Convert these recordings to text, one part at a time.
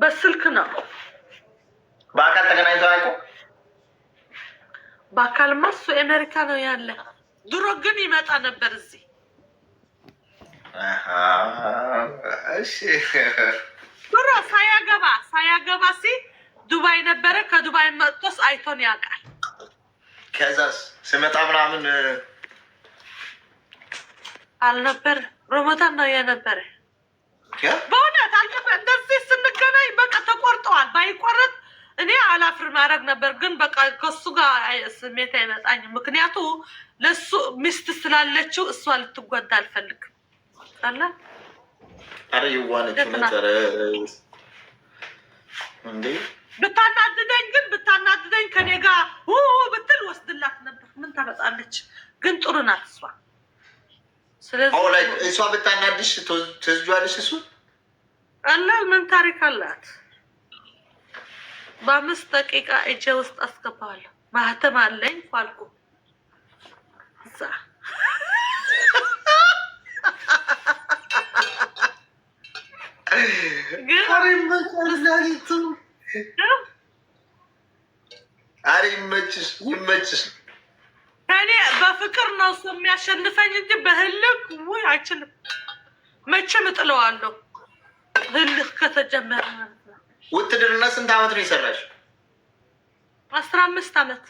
በስልክ ነው። በአካል ተገናኝተው አያውቁም። በአካልማ እሱ አሜሪካ ነው ያለ። ድሮ ግን ይመጣ ነበር እዚህ። ድሮ ሳያገባ ሳያገባ ሲ ዱባይ ነበረ። ከዱባይ መጥቶስ አይቶን ያውቃል። ከዛስ ስመጣ ምናምን አልነበር። ሮመታን ነው የነበረ በሆነ ተቆርጠዋል። ባይቆረጥ እኔ አላፍር ማድረግ ነበር፣ ግን በቃ ከሱ ጋር ስሜት አይመጣኝ። ምክንያቱ ለሱ ሚስት ስላለችው እሷ ልትጎዳ አልፈልግም። አላ አረ የዋነች መጨረ ብታናድደኝ ግን ብታናድደኝ ከኔ ጋር ብትል ወስድላት ነበር። ምን ታመጣለች? ግን ጥሩ ናት እሷ። ስለዚህ እሷ ብታናድሽ ትወስጇለሽ? እሱ አላ ምን ታሪክ አላት? በአምስት ደቂቃ እጄ ውስጥ አስገባዋለሁ። ማህተም አለኝ ኳልኩ እዛ እኔ በፍቅር ነው እሱ የሚያሸንፈኝ እንጂ በህልክ ውይ አይችልም። መቼም እጥለዋለሁ። ህልክ ከተጀመረ ውትድርና ስንት አመት ነው የሰራሽ? አስራ አምስት አመት።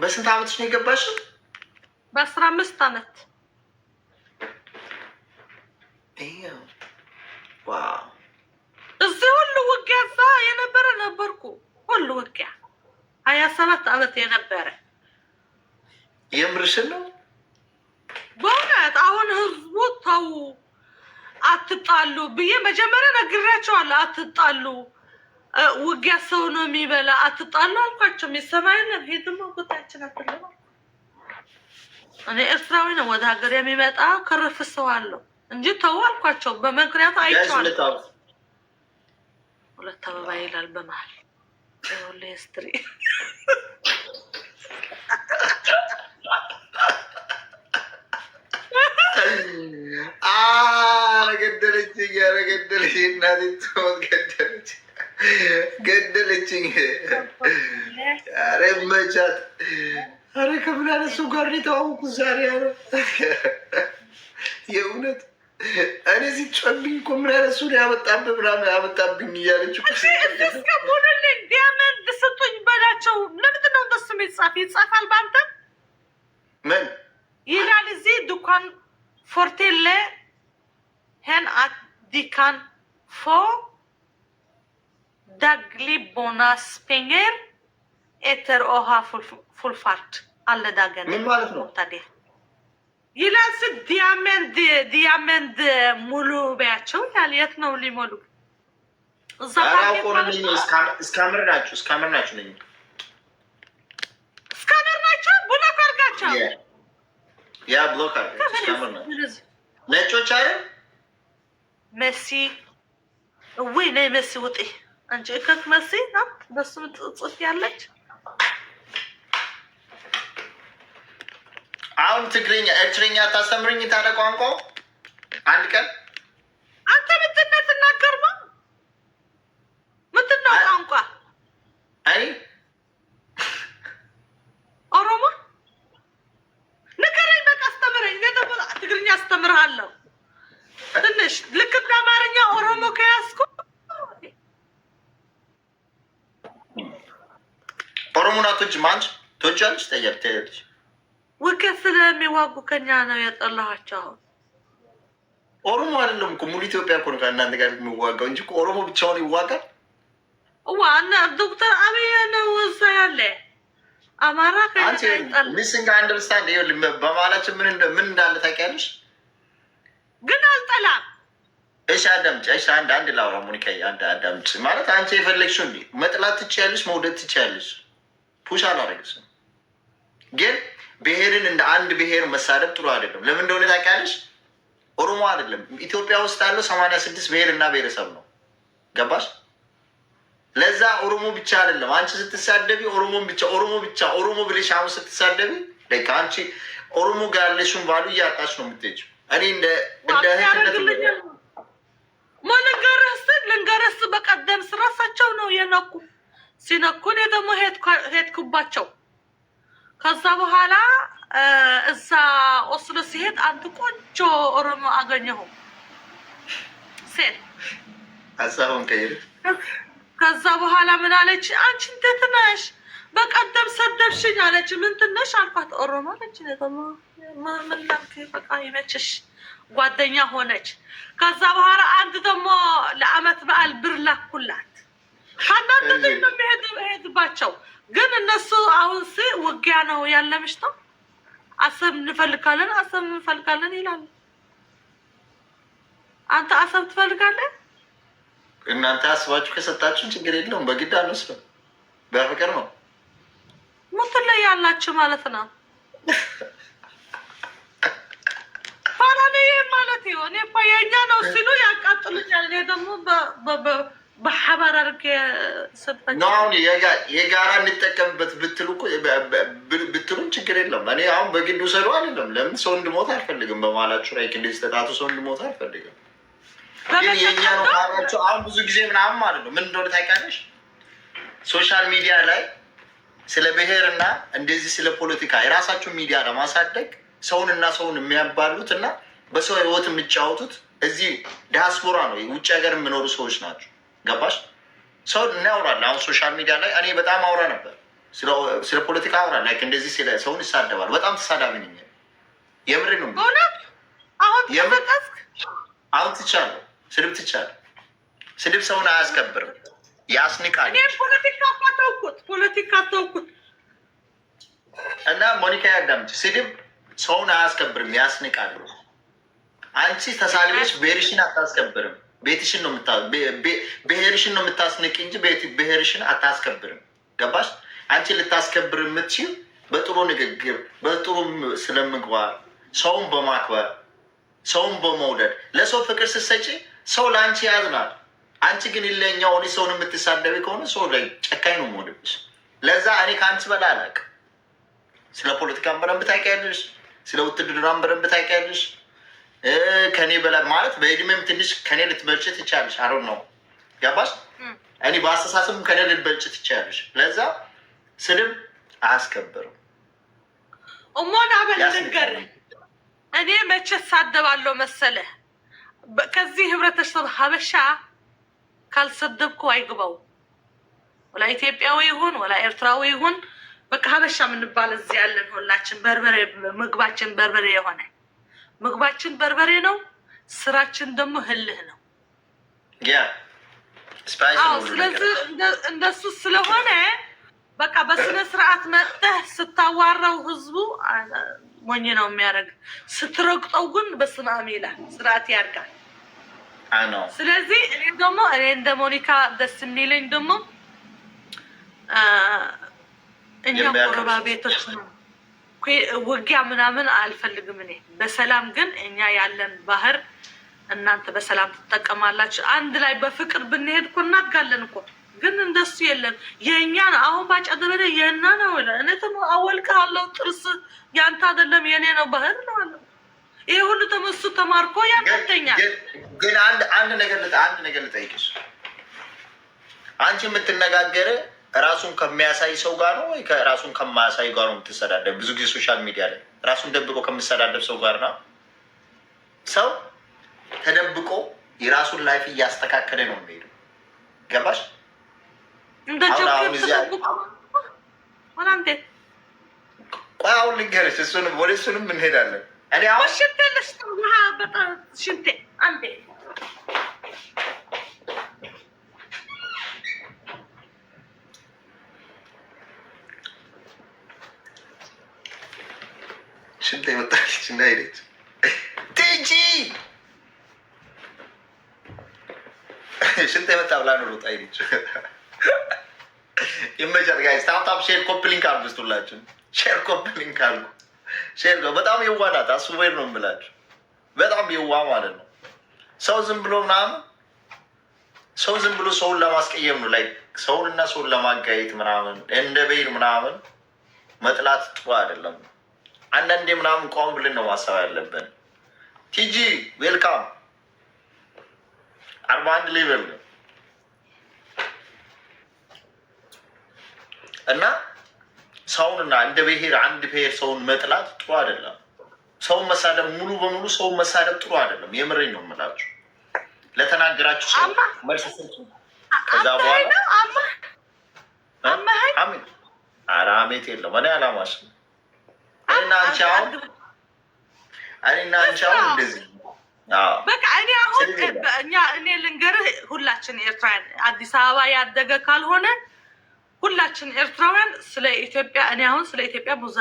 በስንት አመትሽ ነው የገባሽ? በአስራ አምስት አመት እዚህ ሁሉ ውጊያ እዛ የነበረ ነበርኩ። ሁሉ ውጊያ ሀያ ሰባት አመት የነበረ የምርሽን ነው በእውነት አሁን ህዝቡ ተው አትጣሉ ብዬ መጀመሪያ ነግሬያቸዋለሁ። አትጣሉ፣ ውጊያ ሰው ነው የሚበላ። አትጣሉ አልኳቸው። የሰማይነ ሄድማ ቦታችን አትለ እኔ ኤርትራዊ ነው ወደ ሀገር የሚመጣ ከረፍ ሰው አለው እንጂ ተው አልኳቸው። በምክንያቱ አይቸዋል። ሁለት አበባ ይላል በመሀል ሁሌ ስትሪ እያረገደለች እናቴ ትሞት ገደለች ገደለችኝ። ኧረ መቻት ኧረ ከምናነሱ ጋር ነው የተዋወቁት ዛሬ። ኧረ የእውነት እኔ ሲጨብኝ እኮ ምን አይነት እሱን ያመጣብህ ምናምን ያመጣብኝ እያለች እስከሆነልኝ ዲያመን ስጡኝ በላቸው። ለምንድን ነው እንደሱ ይጻፋል። በአንተ ምን ይላል እዚህ ዱኳን ፎርቴሌ ሄን de kan få daglig bonuspengar efter att ha full, full fart ታዲያ? ይላስ ዲያመንድ ዲያመንድ ሙሉ በያቸው ይላል። የት ነው ሊሞሉ? እስካምር ናቸው እስካምር ናቸው ነኝ እስካምር ናቸው ብሎክ አድርጋቸው ያ ብሎክ አድርጋቸው ነጮች አይደል መሲ እውይ ነይ መሲ ውጤ አንቺ እከክ መሲ ናት። በሱ ምትጽፍ ያለች አሁን ትግርኛ ኤርትርኛ ታስተምርኝ ታለ ቋንቋ አንድ ቀን አንተ ምትነት እናገር ሰሞኑን አትወጂም አንቺ ትወጂዋለሽ? ጠያቅ ትሄዳለች። ውከት ስለሚዋጉ ከኛ ነው ያጠላኋቸው። ኦሮሞ አይደለም እኮ ሙሉ ኢትዮጵያ እኮ ነው ከእናንተ ጋር የሚዋጋው እንጂ ኦሮሞ ብቻውን ይዋጋል? ዋና ዶክተር አብይ ነው እዛ ያለ አማራ ከሚስንግ አንደርስታንድ ይኸውልህ፣ በመሀላችን ምን ምን እንዳለ ታውቂያለሽ? ግን አልጠላም። እሺ አዳምጪ። እሺ አንድ አንድ ላውራ። ሞኒካ አንድ አዳምጪ። ማለት አንቺ የፈለግሽው እንዲ መጥላት ትችያለሽ፣ መውደድ ትችያለሽ ፑሽ አላደረግሽም። ግን ብሔርን እንደ አንድ ብሔር መሳደብ ጥሩ አይደለም። ለምን እንደሆነ ታውቂያለሽ? ኦሮሞ አይደለም ኢትዮጵያ ውስጥ ያለው ሰማንያ ስድስት ብሔር እና ብሔረሰብ ነው። ገባሽ? ለዛ ኦሮሞ ብቻ አይደለም አንቺ ስትሳደቢ ኦሮሞን ብቻ ኦሮሞ ብቻ ኦሮሞ ብለሽ አሁን ስትሳደቢ አንቺ ኦሮሞ ጋር ያለሽውን ባሉ እያጣች ነው የምትሄጂው። እኔ እንደ እህትነት ልንገርህ ስል ልንገርህ በቀደም ስራሳቸው ነው የነኩ ሲነኩን ደግሞ ሄድኩባቸው። ከዛ በኋላ እዛ ኦስሎ ሲሄድ አንድ ቆንጆ ኦሮሞ አገኘሁ ሴት። ከዛ በኋላ ምን አለች? አንቺ እንዴት ነሽ? በቀደም ሰደብሽኝ አለች። ምን ትነሽ አልኳት። ኦሮሞ አለች። ደግሞ ምን በቃ ይመችሽ። ጓደኛ ሆነች። ከዛ በኋላ አንድ ደግሞ ለአመት በዓል ብር ላኩላት አናንተ ነው የሚሄድባቸው። ግን እነሱ አሁን ስ ውጊያ ነው ያለምሽ ነው አሰብ እንፈልጋለን አሰብ እንፈልጋለን ይላሉ። አንተ አሰብ ትፈልጋለን። እናንተ አስባችሁ ከሰጣችሁን ችግር የለውም። በግድ አልወስድም። በፍቅር ነው ሙትን ላይ ያላችሁ ማለት ነው። ባላ ይህ ማለት ሆን የኛ ነው ሲሉ ያቃጥሉኛል። እኔ ደግሞ በሐባር አድርጌ ሰጠነው። የጋራ እንጠቀምበት ብትሉ ብትሉን ችግር የለም። እኔ አሁን በግድ ውሰዱ አይደለም። ለምን ሰው እንድሞት አልፈልግም። በማላችሁ ላይ ክንዴ ስተጣቱ ሰው እንድሞት አልፈልግም። ግን የእኛ ነው ካላቸው አሁን ብዙ ጊዜ ምናምን ማለት ነው ምን እንደሆነ ታውቂያለሽ? ሶሻል ሚዲያ ላይ ስለ ብሔር እና እንደዚህ ስለ ፖለቲካ የራሳቸው ሚዲያ ለማሳደግ ሰውን እና ሰውን የሚያባሉት እና በሰው ህይወት የሚጫወቱት እዚህ ዲያስፖራ ነው፣ ውጭ ሀገር የሚኖሩ ሰዎች ናቸው። ገባሽ? ሰው እናያውራል። አሁን ሶሻል ሚዲያ ላይ እኔ በጣም አውራ ነበር፣ ስለ ፖለቲካ አውራ ላይክ እንደዚህ ሰውን ይሳደባል። በጣም ተሳዳቢ ነኝ። የምር ነው። አሁን ትቻለሁ፣ ስድብ ትቻለሁ። ስድብ ሰውን አያስከብርም፣ ያስንቃል። ፖለቲካ ተውኩት እና ሞኒካ ያዳምች ስድብ ሰውን አያስከብርም፣ ያስንቃል። አንቺ ተሳልበሽ ብሔርሽን አታስከብርም። ቤትሽን ነው ብሔርሽን ነው የምታስንቅ እንጂ ብሔርሽን አታስከብርም። ገባሽ? አንቺ ልታስከብር የምትችል በጥሩ ንግግር፣ በጥሩ ስለምግባር፣ ሰውን በማክበር ሰውን በመውደድ ለሰው ፍቅር ስትሰጪ ሰው ለአንቺ ያዝናል። አንቺ ግን ይለኛ ሆነ ሰውን የምትሳደቢ ከሆነ ሰው ላይ ጨካኝ ነው የምሆንብሽ። ለዛ እኔ ከአንቺ በላይ አላውቅም። ስለ ፖለቲካን በደንብ ታውቂያለሽ። ስለ ውትድርናን በደንብ ታውቂያለሽ። ከኔ በላይ ማለት በእድሜም ትንሽ ከኔ ልትበልጭ ትችያለሽ። አሮን ነው ገባሽ? እኔ በአስተሳሰብም ከኔ ልትበልጭ ትችያለሽ። ለዛ ስድብ አያስከብርም። እሞን አበል ነገር እኔ መቼ ሳደባለው መሰለ ከዚህ ህብረተሰብ ሀበሻ ካልሰደብኩ አይግባው። ወላ ኢትዮጵያዊ ይሁን ወላ ኤርትራዊ ይሁን በቃ ሀበሻ የምንባል እዚህ ያለን ሁላችን በርበሬ ምግባችን በርበሬ የሆነ ምግባችን በርበሬ ነው፣ ስራችን ደግሞ ህልህ ነው። ስለዚህ እንደሱ ስለሆነ በቃ በስነ ስርዓት መጥተህ ስታዋራው ህዝቡ ሞኝ ነው የሚያደርግ፣ ስትረግጠው ግን በስመ አብ ይላል፣ ስርዓት ያርጋል። ስለዚህ እኔ ደግሞ እኔ እንደ ሞኒካ ደስ የሚለኝ ደግሞ እኛ ቆረባ ቤቶች ነው ውጊያ ምናምን አልፈልግም እኔ። በሰላም ግን እኛ ያለን ባህር እናንተ በሰላም ትጠቀማላችሁ። አንድ ላይ በፍቅር ብንሄድ እኮ እናድጋለን እኮ። ግን እንደሱ የለም። ነው አሁን ባጫ ደበደ የእና ነው እኔ አለው ጥርስ ያንተ አይደለም የእኔ ነው ባህር ነው አለ። ይህ ሁሉ ተመሱ ተማርኮ ያንተኛል። ግን አንድ ነገር አንድ ነገር ልጠይቅሽ አንቺ የምትነጋገረ ራሱን ከሚያሳይ ሰው ጋር ነው ወይ ራሱን ከማያሳይ ጋር ነው የምትሰዳደብ? ብዙ ጊዜ ሶሻል ሚዲያ ላይ ራሱን ደብቆ ከምሰዳደብ ሰው ጋር ነው። ሰው ተደብቆ የራሱን ላይፍ እያስተካከለ ነው የሚሄደው። ገባሽ? ቆይ አሁን ልንገርሽ፣ እሱንም ወደ እሱንም እንሄዳለን። እኔ አሁን ሽንቴ እና ሄደች። ቲጂ ሽንት የመጣ ብላ ነው ሮጣ ሄደች። ይመቻት ጋይስ። ታፕታፕ ሼር ኮፕሊንክ አርጉ። ስጡላችን ሼር ኮፕሊንክ አርጉ። ሼር በጣም የዋ ናት። አስዌር ነው የምላችሁ። በጣም የዋ ማለት ነው። ሰው ዝም ብሎ ምናምን ሰው ዝም ብሎ ሰውን ለማስቀየም ነው ላይ ሰውን እና ሰውን ለማጋየት ምናምን እንደ ቤል ምናምን መጥላት ጥሩ አይደለም። አንዳንዴ ምናምን ቋም ብለን ነው ማሰብ ያለብን። ቲጂ ዌልካም አርባ አንድ ሌቨል ነው እና ሰውንና እንደ ብሄር አንድ ብሔር ሰውን መጥላት ጥሩ አይደለም። ሰውን መሳደብ ሙሉ በሙሉ ሰውን መሳደብ ጥሩ አይደለም። የምሬን ነው የምላችሁ። ለተናገራችሁ ሰው መልስ ስጡ። ከዛ በኋላ አሜት የለም እኔ አላማሽ ነው በቃ እኔ አሁን እኛ እኔ ልንገርህ፣ ሁላችን ኤርትራውያን አዲስ አበባ ያደገ ካልሆነ ሁላችን ኤርትራውያን ስለ ኢትዮጵያ እኔ አሁን ስለ ኢትዮጵያ ብዙ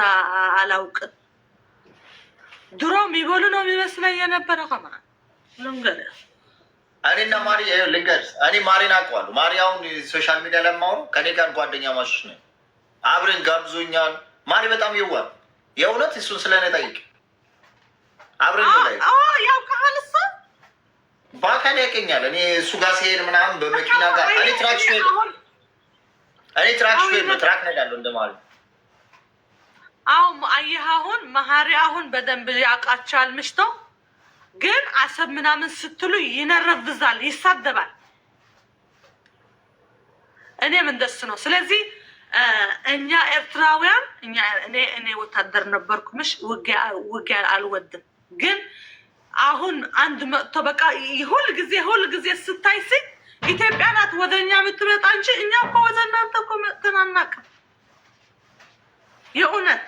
አላውቅም። ድሮ የሚበሉ ነው የሚመስለኝ የነበረ ከማ ልንገርህ፣ እኔና ማሪ ልንገርህ፣ እኔ ማሪን አውቀዋለሁ። ማሪ አሁን ሶሻል ሚዲያ ለማውሩ ከኔ ጋር ጓደኛ ማሾች ነው፣ አብረን ጋብዞኛል። ማሪ በጣም ይዋል የእውነት እሱን ስለ ጠይቅ። አብረን ያው ካነሳ በአካል ያቀኛል። እኔ እሱ ጋር ሲሄድ ምናምን በመኪና ጋር እኔ ትራክ ሄድ እኔ ትራክ ሄድ ነው ትራክ ነዳለሁ እንደማለት አው አየህ፣ አሁን መሀሪ አሁን በደንብ ያውቃቸዋል። ምሽቶ ግን አሰብ ምናምን ስትሉ ይነረብዛል፣ ይሳደባል። እኔም እንደሱ ነው። ስለዚህ እኛ ኤርትራውያን እኔ ወታደር ነበርኩ። ምሽ ውጊያ አልወድም፣ ግን አሁን አንድ መጥቶ በቃ ሁል ጊዜ ሁል ጊዜ ስታይ ሲ ኢትዮጵያ ናት ወደ እኛ የምትመጣ እንጂ እኛ እኮ ወደ እናንተ እኮ መጥተን አናውቅም። የእውነት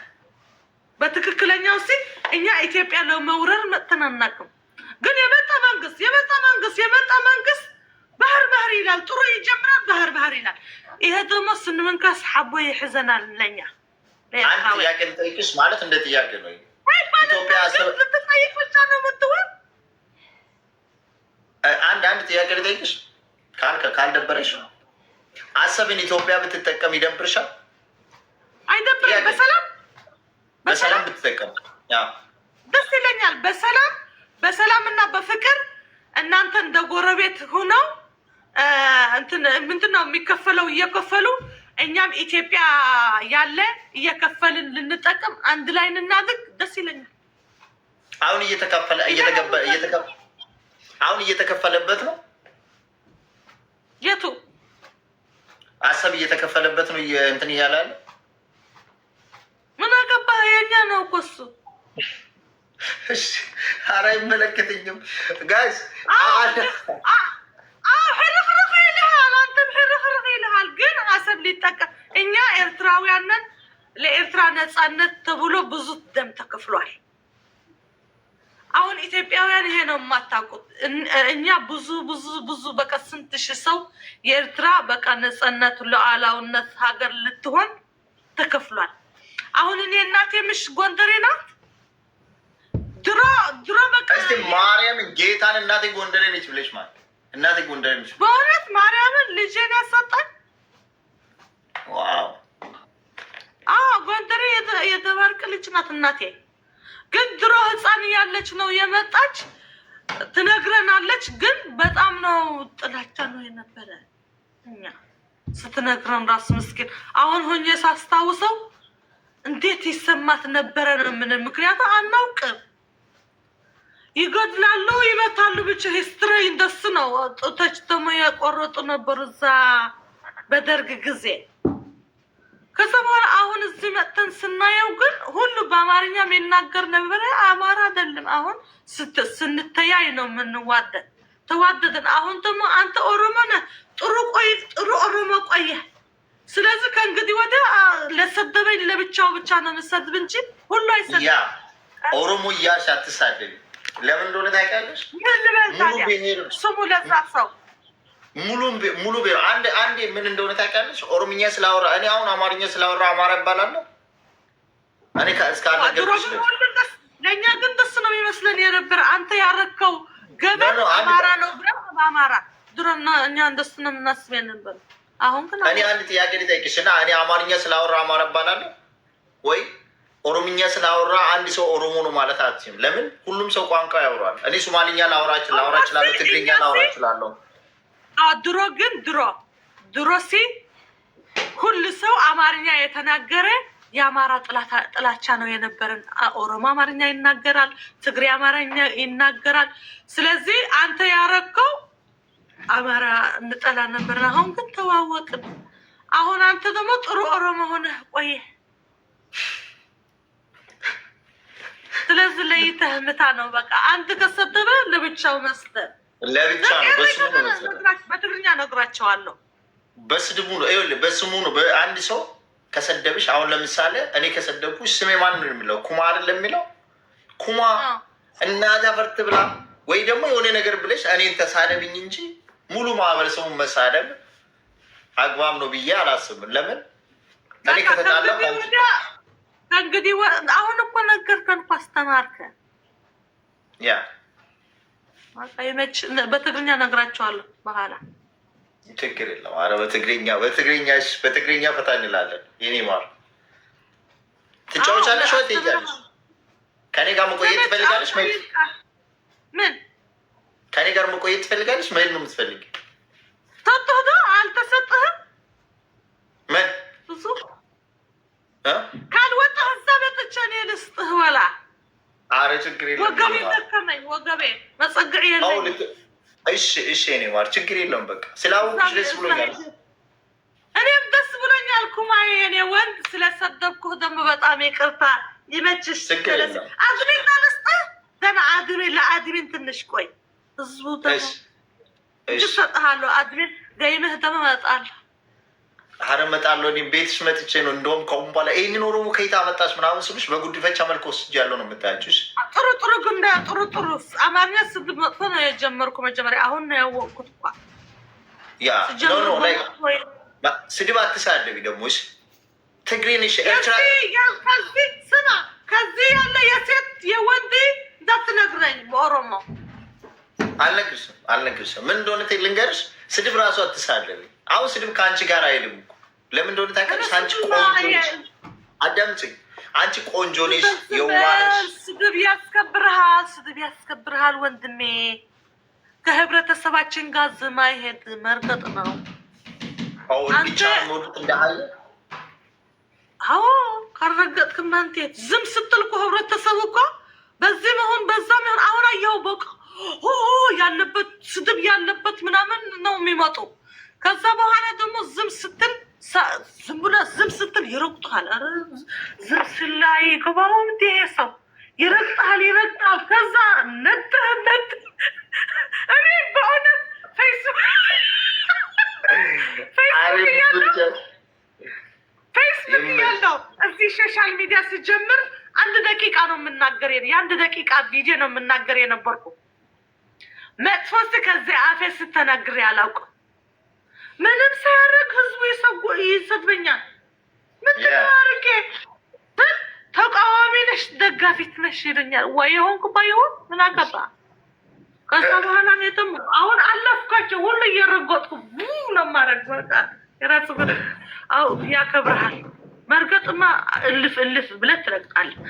በትክክለኛው ሲ እኛ ኢትዮጵያ ለመውረር መጥተን አናውቅም። ግን የመጣ መንግስት የመጣ መንግስት የመጣ መንግስት ባህር ባህር ይላል። ጥሩ ይጀምራል፣ ባህር ባህር ይላል። ይሄ ደግሞ ስንመንከስ ሐቦ ይሕዘናል። ለኛ አንድ ጥያቄ ልጠይቅሽ፣ ማለት እንደ ጥያቄ ነው። አንድ አንድ ጥያቄ ልጠይቅሽ ካልደበረሽ፣ አሰብን ኢትዮጵያ ብትጠቀም ይደብርሻል? አይደብርም። በሰላም በሰላም ብትጠቀም ደስ ይለኛል። በሰላም በሰላም እና በፍቅር እናንተ እንደ ጎረቤት ሆነው ምንድን ነው የሚከፈለው? እየከፈሉ እኛም ኢትዮጵያ ያለ እየከፈልን ልንጠቅም አንድ ላይ እንናድግ ደስ ይለኛል። አሁን እየተከፈለ አሁን እየተከፈለበት ነው። የቱ አሰብ እየተከፈለበት ነው። እንትን እያላለ ምን አገባ? የኛ ነው እኮ እሱ። ኧረ አይመለከተኝም ጋይስ እኛ ኤርትራውያንን ለኤርትራ ነፃነት ተብሎ ብዙ ደም ተከፍሏል። አሁን ኢትዮጵያውያን ይሄ ነው የማታውቁት። እኛ ብዙ ብዙ ብዙ በቃ ስንት ሺ ሰው የኤርትራ በቃ ነፃነት ለሉዓላዊነት ሀገር ልትሆን ተከፍሏል። አሁን እኔ እናቴ ምሽ ጎንደሬ ናት። ድሮ ድሮ በቃ ማርያም ጌታን እናቴ ጎንደሬ ነች ብለሽ ማለት እናቴ ጎንደሬ ነች በእውነት ማርያምን ልጄን ያሳጣል አዎ ጎንደር የተባርክ ልጅ ናት እናቴ። ግን ድሮ ህፃን እያለች ነው የመጣች ትነግረናለች። ግን በጣም ነው ጥላቻ ነው የነበረ እኛ ስትነግረን ራሱ ምስኪን። አሁን ሆኜ ሳስታውሰው እንዴት ይሰማት ነበረ ነው ምን ምክንያቱ አናውቅም። ይገድላሉ፣ ይመታሉ። ብቻ ሂስትሪ እንደሱ ነው። ጡቶች ደግሞ የቆረጡ ነበሩ እዛ በደርግ ጊዜ ከዛ በኋላ አሁን እዚህ መጥተን ስናየው ግን ሁሉ በአማርኛ የሚናገር ነበረ። አማራ አይደለም። አሁን ስንተያይ ነው የምንዋደድ። ተዋደድን። አሁን ደግሞ አንተ ኦሮሞ ነህ፣ ጥሩ ቆይ፣ ጥሩ ኦሮሞ ቆየ። ስለዚህ ከእንግዲህ ወደ ለሰደበኝ ለብቻው ብቻ ነው የምሰድብ እንጂ ሁሉ አይሰድብም። ኦሮሞ እያልሽ አትሳደቢ። ለምን እንደሆነ ታውቂያለሽ? ስሙ ለዛ ሰው ሙሉ ቢሮ አንድ አንድ ምን እንደሆነ ታውቂያለሽ? ኦሮምኛ ስላወራ እኔ አሁን አማርኛ ስላወራ አማራ እባላለሁ። እኔ ለእኛ ግን ደስ ነው የሚመስለን የነበር አንተ ያረከው ገበር አማራ ነው ብለህ በአማራ ድሮ እኛ እንደሱ ነው የምናስብ ነበር። አሁን ግን እኔ አንድ ጥያቄ ልጠይቅሽ እና እኔ አማርኛ ስላወራ አማራ እባላለሁ ወይ ኦሮምኛ ስላወራ አንድ ሰው ኦሮሞ ነው ማለት አትችም። ለምን ሁሉም ሰው ቋንቋ ያወራል። እኔ ሶማሊኛ ላወራ ላወራ እችላለሁ። ትግርኛ ላወራ እችላለሁ። ድሮ ግን ድሮ ድሮ ሲል ሁሉ ሰው አማርኛ የተናገረ የአማራ ጥላቻ ነው የነበረን። ኦሮሞ አማርኛ ይናገራል፣ ትግሬ አማርኛ ይናገራል። ስለዚህ አንተ ያረከው አማራ እንጠላ ነበርን። አሁን ግን ተዋወቅን። አሁን አንተ ደግሞ ጥሩ ኦሮሞ ሆነህ ቆየ። ስለዚህ ለይተህ ምታ ነው በቃ አንድ ከሰተበ ለብቻው መስጠት ለብቻ ነው። በትግርኛ ነግራቸዋለሁ። በስድቡ ነው በስሙ ነው። አንድ ሰው ከሰደብሽ፣ አሁን ለምሳሌ እኔ ከሰደብኩሽ ስሜ ማን ነው የሚለው? ኩማ አይደለም የሚለው? ኩማ እናዛ ፈርት ብላ ወይ ደግሞ የሆነ ነገር ብለሽ እኔን ተሳደብኝ እንጂ ሙሉ ማህበረሰቡን መሳደብ አግባብ ነው ብዬ አላስብም። ለምን እኔ ከተጣለ እንግዲህ አሁን እኮ ነገርከን እኮ አስተማርከን ያ መች በትግርኛ ነግራቸዋለሁ። በኋላ ችግር የለም። ኧረ በትግርኛ በትግርኛ በትግርኛ ፈታ እንላለን። የኔ ማር ትጫወቻለሽ ወይ ትሄጃለሽ? ከኔ ጋር መቆየት ትፈልጋለሽ? ምን ከኔ ጋር መቆየት ትፈልጋለሽ? መሄድ ነው የምትፈልግ? ሰጥህ አልተሰጥህም? ምን ካልወጣህ እዛ ቤት እኔ ልስጥህ ወላ አረ ችግር የለም። እሺ እሺ፣ ማር ችግር በቃ ደስ ብሎኛል። እኔም ደስ ብሎኛል። ኩማዬ የእኔ ወንድ ስለሰደብኩህ ደግሞ በጣም ይቅርታ። ይመችሽ። ትንሽ ቆይ፣ ህዝቡ ደግሞ ደግሞ እመጣለሁ ኧረ እመጣለሁ እኔ ቤትሽ መጥቼ ነው። እንደውም ከአሁን በኋላ ይህንን ኦሮሞ ከየት አመጣሽ ምናምን ስሉሽ በጉድፈቻ መልክ ወስጃለሁ ነው የምታያችሽ። ጥሩ ጥሩ ግንዳ ጥሩ ጥሩ አማርኛ ስግ መጥፎ ነው የጀመርኩ መጀመሪያ፣ አሁን ነው ያወቅኩት እኳ ያ ነው ላይ ስድብ አትሳደቢ ደግሞ እሺ። ትግሬ ኤርትራ ስማ፣ ከዚህ ያለ የሴት የወንድ እንዳትነግረኝ በኦሮሞ አልነግርሽም፣ አልነግርሽም። ምን እንደሆነ ልንገርሽ፣ ስድብ ራሱ አትሳደቢ። አሁን ስድብ ከአንቺ ጋር አይልም ለምን እንደሆነ ታውቂያለሽ? አንቺ ቆንጆ አዳምጪኝ። አንቺ ቆንጆ ነሽ፣ የዋህ ስድብ ያስከብርሃል፣ ስድብ ያስከብርሃል ወንድሜ። ከህብረተሰባችን ጋር ዝም አይሄድ መርጠጥ ነው። አዎ ካረገጥክማ እንትን ዝም ስትል እኮ ህብረተሰቡ እኮ በዚህ መሆን በዛ መሆን አሁን አየኸው በቃ ያለበት ስድብ ያለበት ምናምን ነው የሚመጡ። ከዛ በኋላ ደግሞ ዝም ስትል ዝም ብሎ ዝም ስትል ይረግጡሃል። ዝም ስላይ ገባሁም ይሄ ሰው ይረግጣል ይረግጣል። ከዛ ነት ነት እኔ በእውነት ፌስቡክ ፌስቡክ እያለው እዚህ ሶሻል ሚዲያ ስጀምር አንድ ደቂቃ ነው የምናገር፣ የአንድ ደቂቃ ቪዲዮ ነው የምናገር የነበርኩ መጥፎስ ከዚያ አፌ ስተናግሬ አላውቅም። ምንም ሳያደርግ ህዝቡ ይሰድበኛል። ምንድን ነው አድርጌ? ተቃዋሚ ነሽ ደጋፊት ነሽ ይለኛል። ወይ የሆን ኩባ ይሆን ምን አገባ። ከዛ በኋላ ኔትም አሁን አለፍኳቸው ሁሉ እየረገጥኩ ቡ ለማድረግ በቃ የራሱ ያከብረሃል። መርገጥማ እልፍ እልፍ ብለት ትረግጣለህ።